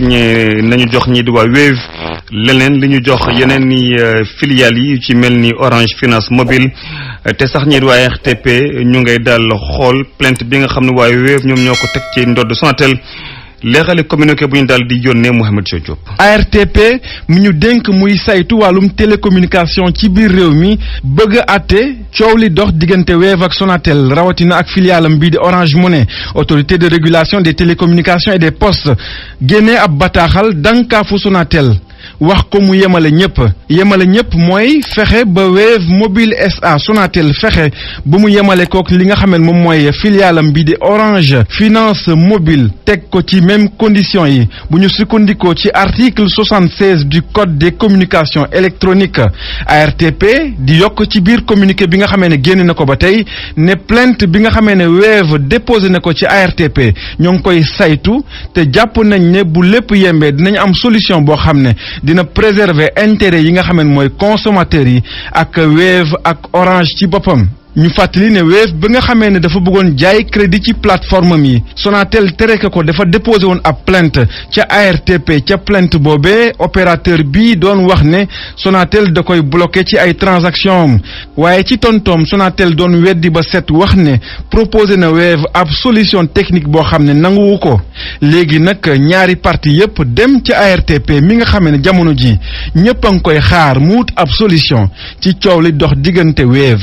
ñi nañu jox ñi di waa Wave leneen li ñu jox yeneen ni euh, yi ci mel ni Orange Finance Mobile te sax ñi di waa RTP ñu ngay daal xool plainte bi nga xam ne waa Wave ñoom ñoo ko teg ci ndodd Sonatel leexale communiqué bu ñu daal di yónnee Mouhamed Sio Diop. ARTP mu ñu dénk muy saytu wàllum télécommunication ci biir réew mi bëgg a àtte coow li dox diggante Wave ak Sonatel rawatina ak filialam bii di Orange Money autorité de régulation des télécommunications et des postes génnee ab bataaxal dankaafu Sonatel. wax ko mu yemale ñëpp yemale ñëpp mooy fexe ba Wave Mobile SA Sonatel fexe bu mu yemale kook li nga xam ne moom mooy filiale bi di Orange Finance Mobile teg ko ci même condition yi bu ñu sukkandikoo ci article 76 du code des communications électroniques ARTP di yokk ci biir communiqué bi nga xamee ne génn na ko ba tey ne plainte bi nga xamee ne Wave déposé na ko ci ARTP ñoo ngi koy saytu te jàpp nañ ne bu lépp yembee dinañ am solution boo xam ne dina préserver intérêt yi nga xam mooy consommateurs yi ak Wave ak Orange ci boppam ñu fàttali ne Wave bi nga xamee ne dafa bëggoon jaay crédit ci plateforme am yi Sonatel tere ko dafa déposé woon ab plainte ca ARTP ca plainte boobee opérateur bi doon wax ne Sonatel da koy bloqué ci ay transaction waaye ci tontoom Sonatel doon weddi ba set wax ne proposé na Wave ab solution technique boo xam ne nanguwu ko léegi nag ñaari parti yépp dem ca ARTP mi nga xamee ne jamono ji ñépp a ngi koy xaar mu wut ab solution ci coow li dox diggante Wave